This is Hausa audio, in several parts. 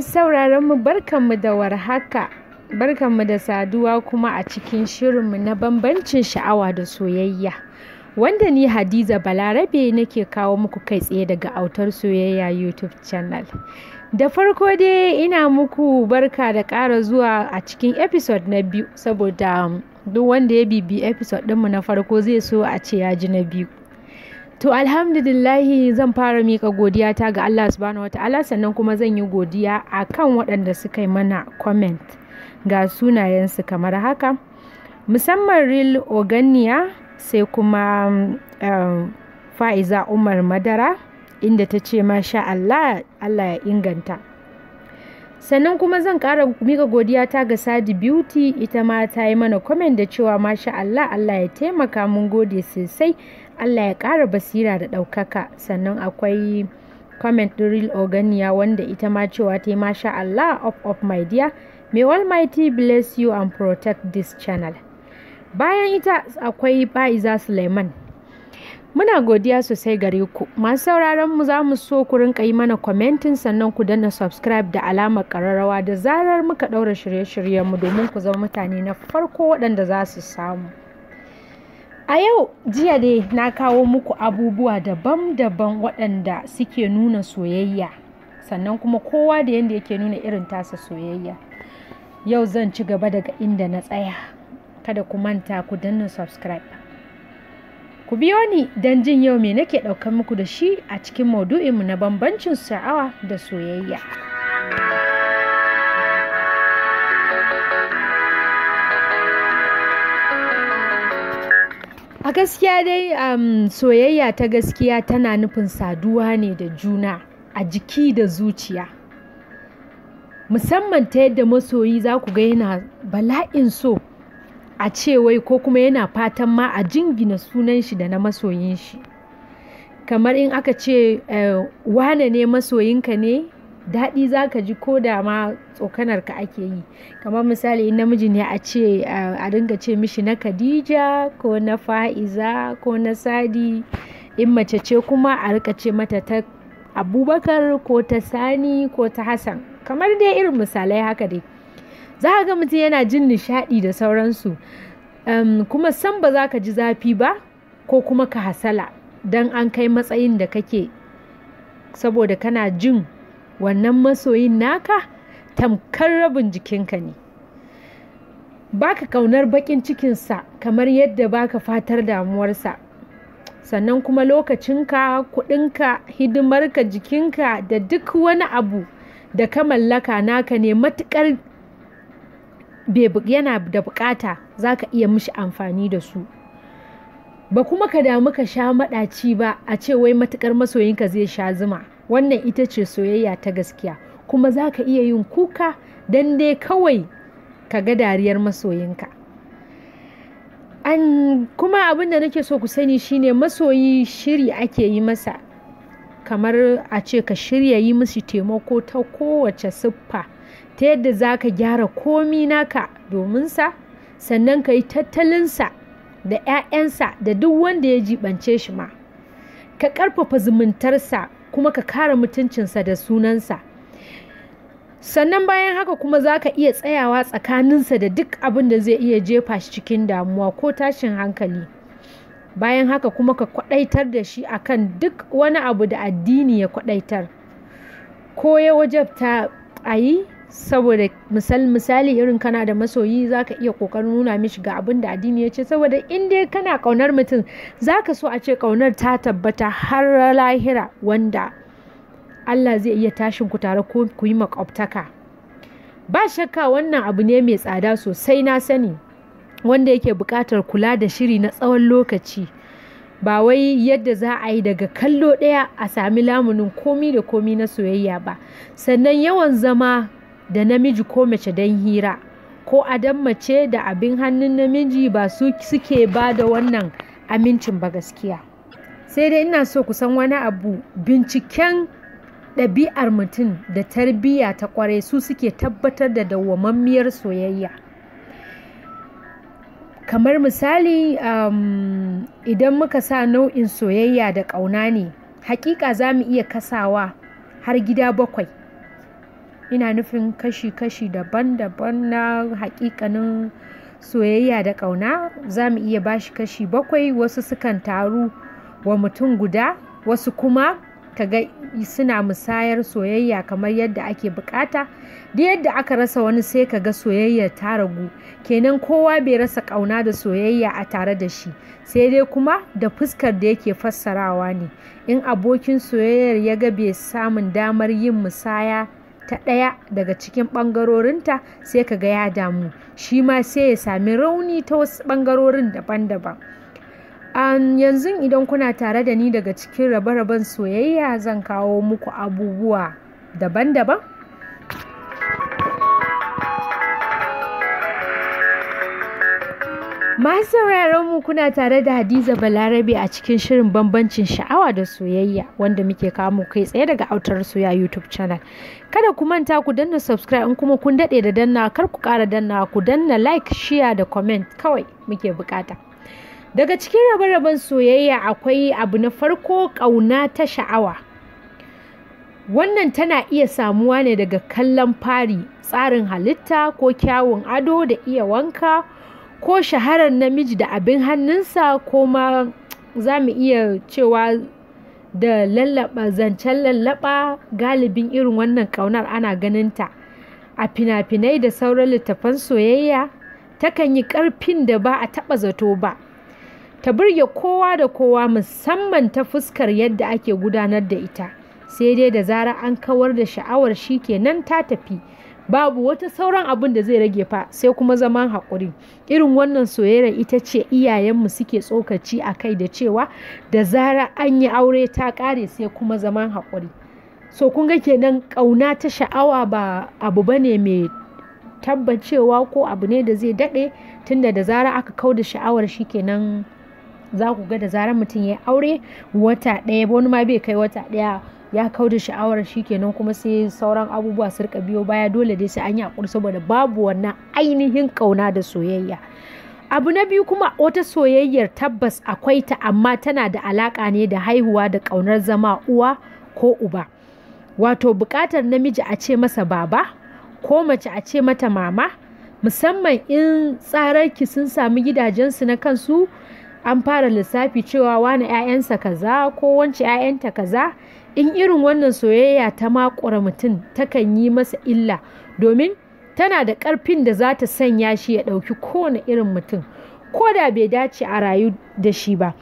Masu sauraron mu barkanmu da warhaka, barkanmu da saduwa kuma a cikin shirinmu na bambancin sha'awa da soyayya. Wanda ni Hadiza Balarabe nake kawo muku kai tsaye daga autar soyayya YouTube channel. Da farko dai ina muku barka da kara zuwa a cikin episode na biyu saboda duk wanda ya bibi episode ɗinmu na farko zai so a ce ya ji na biyu. To alhamdulillahi zan fara mika godiyata ga Allah subhanahu wata'ala sannan kuma zan yi godiya a kan waɗanda suka yi mana comment ga sunayensu kamar haka. Musamman Real Oganiya sai kuma um, Fa'iza Umar Madara inda ta ce masha Allah Allah ya inganta. Sannan kuma zan ƙara mika godiyata ga Sadi Beauty ita ma ta yi mana comment da cewa masha Allah Allah ya taimaka mun gode sosai. Allah ya ƙara basira da ɗaukaka sannan akwai comment ɗin real organiya wanda ita ma cewa ta yi masha Allah of of my dear may almighty bless you and protect this channel bayan ita akwai Fa'iza Suleiman Muna godiya sosai gare ku. Masu sauraron mu za mu so ku rinka yi mana commenting sannan ku danna subscribe da alamar kararrawa da zarar muka ɗaura shirye shiryen mu domin ku zama mutane na farko waɗanda za su samu. A yau jiya dai na kawo muku abubuwa daban-daban waɗanda suke nuna soyayya sannan kuma kowa da yadda yake nuna irin tasa soyayya. Yau zan ci gaba daga inda na tsaya. Kada ku manta ku danna subscribe. Ku biyo ni don jin yau me nake ɗaukar muku da shi a cikin maudu'inmu na bambancin sha'awa da soyayya. A gaskiya dai um, soyayya ta gaskiya tana nufin saduwa ne da juna a jiki da zuciya. Musamman ta yadda masoyi za ku ga yana bala'in so a ce ko kuma yana fatan ma a jingina sunan shi da na masoyin shi. Kamar in aka ce uh, wane ne masoyinka ne daɗi za ka ji ko da ma tsokanar ka ake yi kamar misali in namiji ne a ce a dinga ce mishi na Kadija ko na fa'iza ko na sadi in mace ce kuma a rika ce mata ta abubakar ko ta sani ko ta hassan kamar dai irin misalai haka dai za ga mutum yana jin nishaɗi da sauransu um, kuma san ba za ka ji zafi ba ko kuma ka hasala don an kai matsayin da kake saboda kana jin wannan masoyin naka tamkar rabin jikinka ne baka kaunar bakin cikinsa kamar yadda baka fatar damuwarsa sannan kuma lokacinka kudinka hidimarka jikinka da duk wani abu da ka mallaka naka ne matukar yana da bukata za ka iya mishi amfani da su ba kuma ka damu ka sha madaci ba a ce wai matukar masoyinka zai sha zuma wannan ita ce soyayya ta gaskiya kuma za ka iya yin kuka don dai kawai ka ga dariyar masoyinka kuma abin da nake so ku sani shine masoyi shiri ake yi masa kamar a ce ka shirya yi musu taimako ta kowace siffa ta yadda za ka gyara komi naka sa sannan ka yi tattalinsa da 'ya'yansa da duk wanda ya jibance shi ma ka ƙarfafa zumuntarsa kuma ka kare mutuncinsa da sunansa sannan bayan haka kuma za ka iya tsayawa tsakaninsa da duk abin da zai iya jefa shi cikin damuwa ko tashin hankali bayan haka kuma ka kwadaitar da shi akan duk wani abu da addini ya kwadaitar ko ya wajabta a yi saboda misal misali irin kana da masoyi zaka iya kokarin nuna mishi ga abin da addini ya ce saboda in dai kana kaunar mutum zaka so a ce kaunar ta tabbata har lahira wanda Allah zai iya tashin ku tare ko ku yi makwabtaka ba shakka wannan abu ne mai tsada sosai na sani wanda yake buƙatar kula da shiri na tsawon lokaci ba wai yadda za a yi daga kallo ɗaya a sami lamunin komi da komi na soyayya ba sannan yawan zama da namiji ko mace don hira ko adon mace da abin hannun namiji ba su suke ba da wannan amincin ba gaskiya sai dai ina so ku san wani abu binciken ɗabi'ar mutum da tarbiyya ta kwarai su suke tabbatar da dawwammamiyar soyayya kamar misali um, idan muka sa nau'in soyayya da ƙauna ne hakika za mu iya kasawa har gida bakwai ina nufin kashi-kashi daban-daban na hakikanin soyayya da ƙauna za mu iya bashi kashi bakwai wasu sukan taru wa mutum guda wasu kuma kaga suna musayar soyayya kamar yadda ake bukata da yadda aka rasa wani sai kaga soyayya ta ragu kenan kowa bai rasa kauna da soyayya a tare da shi sai dai kuma da fuskar da yake fassarawa ne in abokin soyayyar ya ga bai samun damar yin musaya ta ɗaya daga cikin ɓangarorinta sai ka ga ya damu shi ma sai ya sami rauni ta wasu ɓangarorin daban-daban yanzu idan kuna tare da ni daga cikin rabe-raben soyayya zan kawo muku abubuwa daban-daban Masu sauraron mu kuna tare da Hadiza Balarabe a cikin shirin bambancin sha'awa da soyayya wanda muke kawo kai tsaye daga autar soya YouTube channel. Kada ku manta ku danna subscribe in kuma kun daɗe da danna kar ku kara danna ku danna like, share da comment kawai muke bukata. Daga cikin rabe-raben soyayya akwai abu na farko ƙauna ta sha'awa. Wannan tana iya samuwa ne daga kallon fari, tsarin halitta ko kyawun ado da iya wanka. ko shaharar namiji da abin hannunsa ko ma za mu iya cewa da lallaba zancen lallaba galibin irin wannan ƙaunar ana ganinta a fina-finai da sauran littafan soyayya takan yi ƙarfin da ba a taɓa zato ba ta burge kowa da kowa musamman ta fuskar yadda ake gudanar da ita sai dai da zara an kawar da sha'awar shi kenan ta tafi babu wata sauran abin da zai rage fa sai kuma zaman hakuri irin wannan soyayya ita ce iyayenmu suke tsokaci a kai da cewa da zara an yi aure ta ƙare sai kuma zaman hakuri so kun ga kenan ƙauna ta sha'awa ba abu ne mai tabbacewa ko abu ne da zai daɗe tunda da zara aka kau da sha'awar shi kenan za ku ga da zara mutum ya aure wata ɗaya wani ma bai kai wata ɗaya ya kau da sha'awar shi kenan kuma sai sauran abubuwa su rika biyo baya dole dai sai an yi hakuri saboda babu wannan ainihin kauna da soyayya abu na biyu kuma wata soyayyar tabbas akwai ta amma tana da alaka ne da haihuwa da kaunar zama uwa ko uba wato bukatar namiji a ce masa baba ko mace a ce mata mama musamman in tsararki sun sami gidajensu na kansu an fara lissafi cewa wani 'ya'yansa kaza ko wance 'ya'yanta kaza in irin wannan soyayya ta makura mutum takan yi masa illa domin tana da ƙarfin da za ta sanya shi ya ɗauki kowane irin mutum ko da bai dace a rayu da shi ba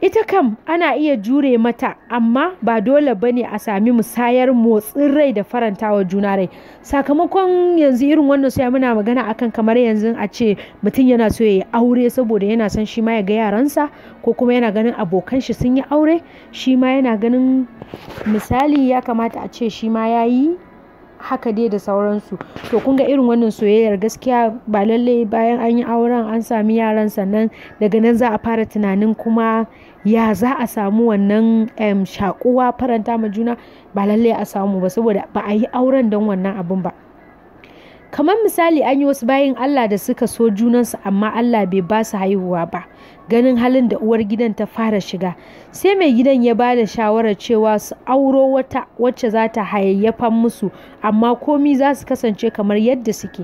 ita kam ana iya jure mata amma ba dole ba ne a sami musayar motsin rai da farantawa juna rai sakamakon yanzu irin wannan sai muna magana akan kamar yanzu a ce mutum yana so ya yi aure saboda yana son shi ma ya ga yaransa ko kuma yana ganin abokan shi sun yi aure shi ma yana ganin misali ya kamata a ce shi ma ya yi haka dai da sauransu to kun ga irin wannan soyayyar gaskiya ba lalle bayan an yi auren an sami yaran sannan daga nan za a fara tunanin kuma ya za a samu wannan shakuwa faranta ma juna ba lalle a samu ba saboda ba a yi auren don wannan abun ba kamar misali an yi wasu bayin Allah da suka so junansu amma Allah bai ba su haihuwa ba ganin halin da uwar gidan ta fara shiga sai mai gidan ya ba da shawarar cewa su auro wata wacce za ta hayayyafan musu amma komi za su kasance kamar yadda suke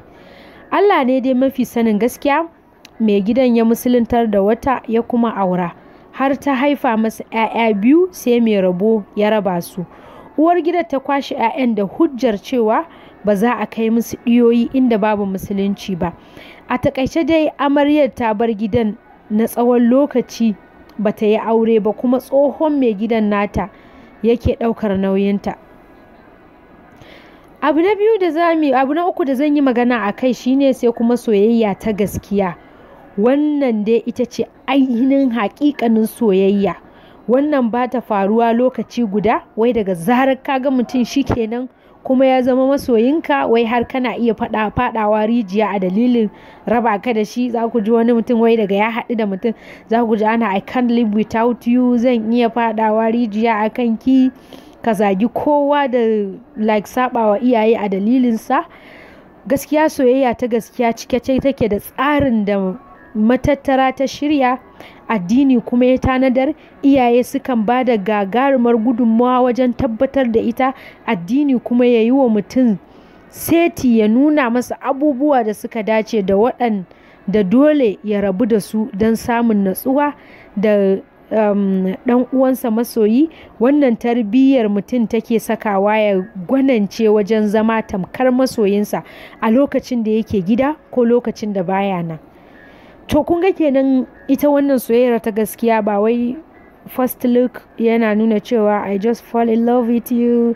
Allah ne dai mafi sanin gaskiya mai gidan ya musuluntar da wata ya kuma aura har ta haifa masa 'ya'ya biyu sai mai rabo ya raba su uwar gidan ta kwashe 'ya'yan da hujjar cewa ba za a kai musu ɗiyoyi inda babu musulunci ba a takaice dai amaryar ta bar gidan na tsawon lokaci ba ta yi aure ba kuma tsohon mai gidan nata yake ɗaukar nauyinta abu na biyu da zami abu na uku da zan yi magana a kai shine sai kuma soyayya ta gaskiya wannan dai ita ce ainihin haƙiƙanin soyayya wannan ba ta faruwa lokaci guda wai daga zarar kaga mutum shikenan kenan kuma ya zama masoyinka wai har kana iya faɗa faɗawa rijiya a dalilin raba ka da shi za ku ji wani mutum wai daga ya haɗu da mutum za ku ji ana I can't live without you zan iya faɗawa rijiya a kan ki ka zagi kowa da like sabawa iyaye a dalilinsa gaskiya soyayya ta gaskiya cike ce take da tsarin da matattara ta shirya addini kuma ya tanadar iyaye sukan ba da gagarumar gudunmawa wajen tabbatar da ita addini kuma ya yi wa mutum seti ya nuna masa abubuwa da suka dace da waɗan da dole ya rabu da su don samun natsuwa da um, ɗan uwansa masoyi wannan tarbiyyar mutum take sakawa ya gwanance wajen zama tamkar masoyinsa a lokacin da yake gida ko lokacin da baya nan. to kun ga kenan ita wannan soyayya ta gaskiya ba wai first look yana nuna cewa i just fall in love with you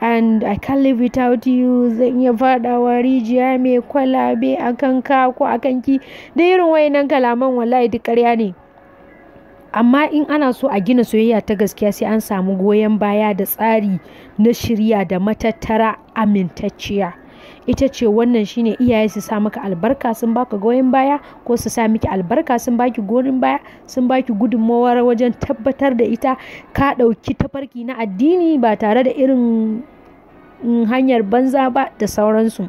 and i can't live without you zan iya fadawa rijiya mai kwalabe akan ka ko akan ki da irin nan kalaman wallahi duk ƙarya ne amma in ana so a gina soyayya ta gaskiya sai an samu goyon baya da tsari na shirya da matattara amintacciya ita ce wannan shine iyaye su sa maka albarka sun baka goyon baya ko su sa miki albarka sun baki gonin baya sun baki gudunmawar wajen tabbatar da ita ka ɗauki tafarki na addini ba tare da irin mm, hanyar banza ba da sauransu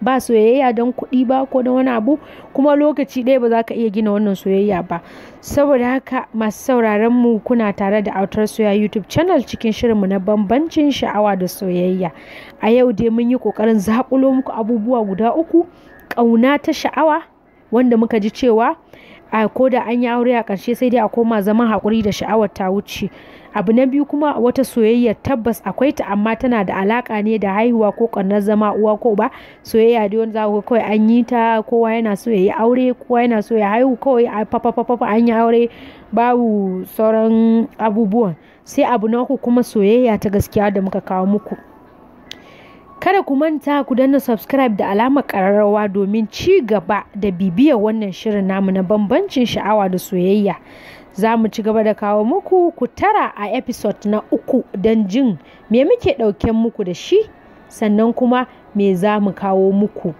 ba soyayya don kuɗi ba ko don wani abu kuma lokaci ɗaya ba za ka iya gina wannan soyayya ba saboda haka masu sauraron mu kuna tare da autar soya youtube channel cikin shirinmu na bambancin sha'awa da soyayya a yau dai mun yi ƙoƙarin zaƙulo muku abubuwa guda uku ƙauna ta sha'awa wanda muka ji cewa a ko da an yi aure a ƙarshe sai dai a koma zaman haƙuri da sha'awar ta wuce abu na biyu kuma wata soyayya tabbas akwai ta amma tana da alaka ne da haihuwa ko ƙannar zama uwa ko ba soyayya da wani zaku kawai an yi ta kowa yana so ya yi aure kowa yana so ya haihu kawai a fafafafafa an yi aure babu sauran abubuwan sai abu na uku kuma soyayya ta gaskiya da muka kawo muku Kada ku manta ku danna subscribe da alama kararrawa domin ci gaba da bibiyar wannan shirin namu na bambancin sha'awa da soyayya. Za mu ci gaba da kawo muku ku tara a episode na uku don jin me muke ɗauken muku da shi sannan kuma me za mu kawo muku.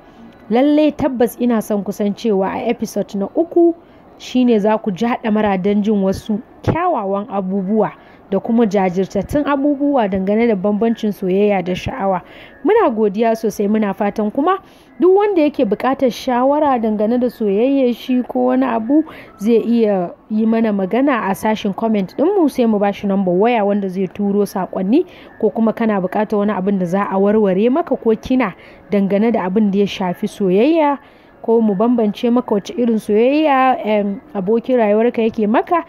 Lallai tabbas ina son kusan cewa a episode na uku shine za ku ji haɗa mara don jin wasu kyawawan abubuwa. da kuma jajirtattun abubuwa dangane da bambancin soyayya da sha'awa muna godiya sosai muna fatan kuma duk wanda yake bukatar shawara dangane da soyayya shi ko wani abu zai iya yi mana magana a sashin comment mu sai mu bashi number waya wanda zai turo saƙonni ko kuma kana buƙatar wani abin da za a warware maka ko kina dangane da abin da ya shafi soyayya ko mu bambance maka wace irin soyayya abokin rayuwarka yake maka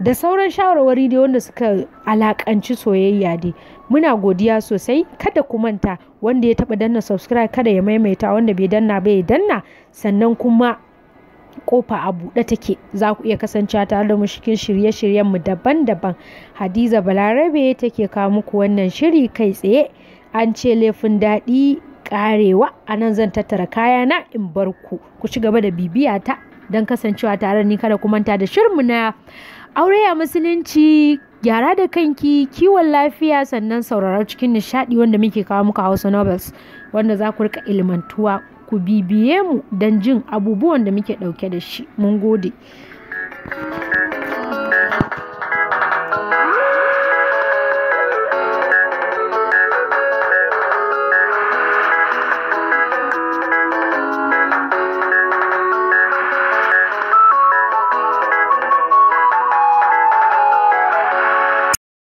da sauran shawarwari da wanda suka alakanci soyayya dai muna godiya sosai kada ku manta wanda ya taba danna subscribe kada ya maimaita wanda bai danna bai danna sannan kuma kofa a buɗe take za ku iya kasancewa tare da mu cikin shirye mu daban-daban hadiza balarabe take kawo muku wannan shiri kai tsaye an ce laifin daɗi karewa a nan zan tattara kaya na in bar ku ku ci gaba da bibiya ta don kasancewa tare ni kada ku manta da shirmu na aure a musulunci gyara da kanki kiwon lafiya sannan sauraron cikin nishadi wanda muke kawo muka hausa novels wanda za ku rika ilmantuwa ku bibiye mu don jin abubuwan da muke dauke da shi mun gode